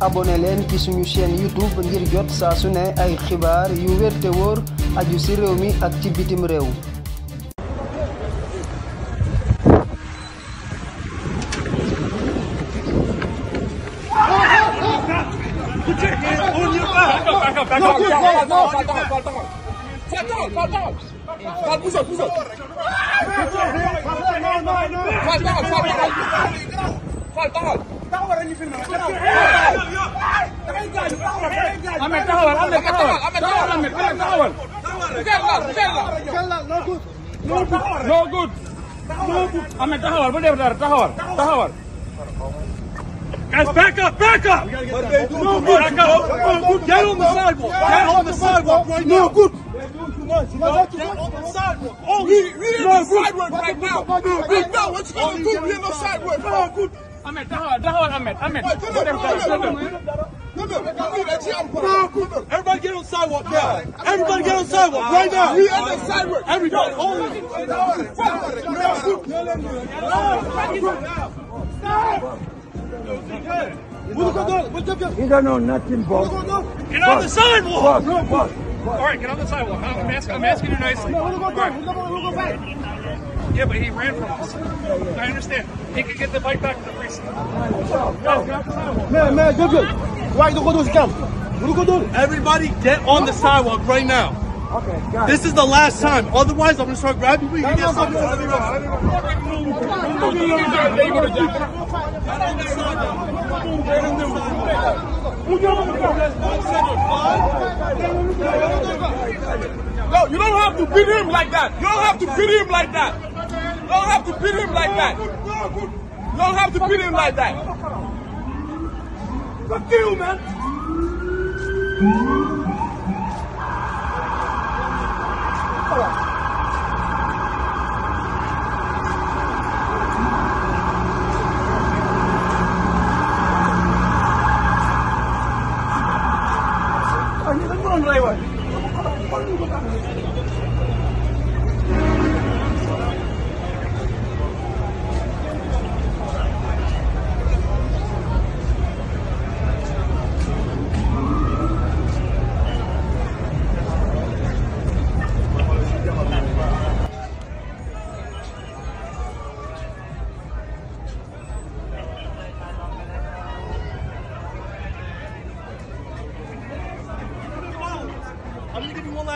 abonné leen ci suñu chaîne YouTube ngir jot saa su ne ay xibaar yu wér aju ci réew mi ak ci bitim réew. war a ñu filmé waaw dafay gaañu dafay Ahmed taxawal Ahmed taxawal taxawal Ahmed taxawal. taxawal no good no good Ahmed taxawal bu def dara taxawal taxawal. Guys, back up, back up! No good, no good, no good. Get on the sidewalk. Get on the sidewalk right now. No good. Get on the sidewalk. Oh, we, we in the sidewalk right now. We know what's going on. We're in the sidewalk. No good. Ahmed taxawal taxawal Ahmed Ahmed. boo dem taxawal Everybody get on sidewalk now. Everybody get on sidewalk right now. We on the sidewalk. Everybody. Stop. You don't know nothing, boss. Get on the sidewalk. Boss, boss. All right, get on the sidewalk. I'm asking, I'm asking you nicely. No, we'll go back. We'll go back. Yeah, but he ran from us. I understand. He can get the fight back to the priest. Man, man, good, good. Why don't go to his camp? What do you do? Everybody get on the sidewalk right now. Okay, got This is the last time. Otherwise, I'm going to start grabbing people. You get something. No, you don't have to beat him like that. You don't have to beat him like that. You don't have to beat him like that. my God. You don't have to beat him like that. Fuck you, man.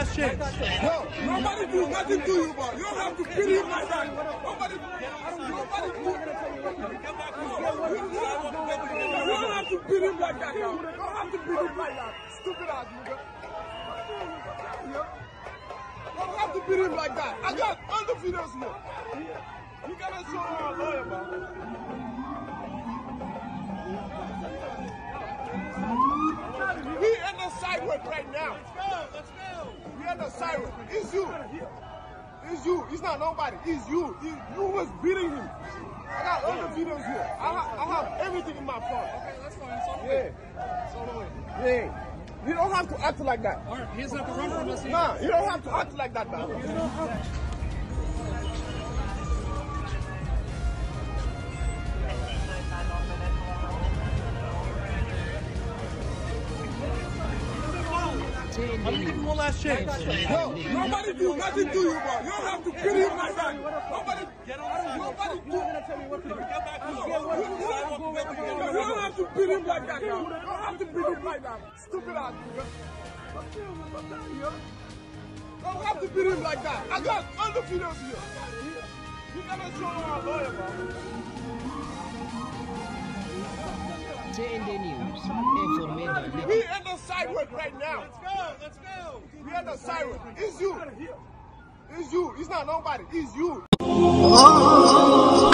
has changed. No, nobody do nothing to you, boy. You don't have to pity him like that. Nobody, nobody do. You don't have to beat him like that, yo. You don't have to beat him like that. Stupid ass nigga. You don't have to beat him like that. I got all the videos here. You gotta show me your lawyer, man. man a siren. It's you. It's you. It's not nobody. It's you. It's you was beating him. I got other videos here. I, ha I have everything in my phone. Okay, that's fine. It's on the way. It's on the way. Yeah. You don't have to act like that. All right, he's not the runner unless he... Nah, you don't have to act like that, man. David Mola Shane. No, nobody do nothing to you, bro. You don't have to kill him like that. Nobody, get on nobody do. You don't have to beat him like that, yo. You don't have to beat him like that. Stupid ass, nigga. You don't have to beat him like that. I got all the videos here. You gotta show our lawyer, bro. JND News, informé dans siren right now. Let's go. Let's go. We are the siren. It's you. It's you. It's not nobody. It's you. Oh, oh, oh.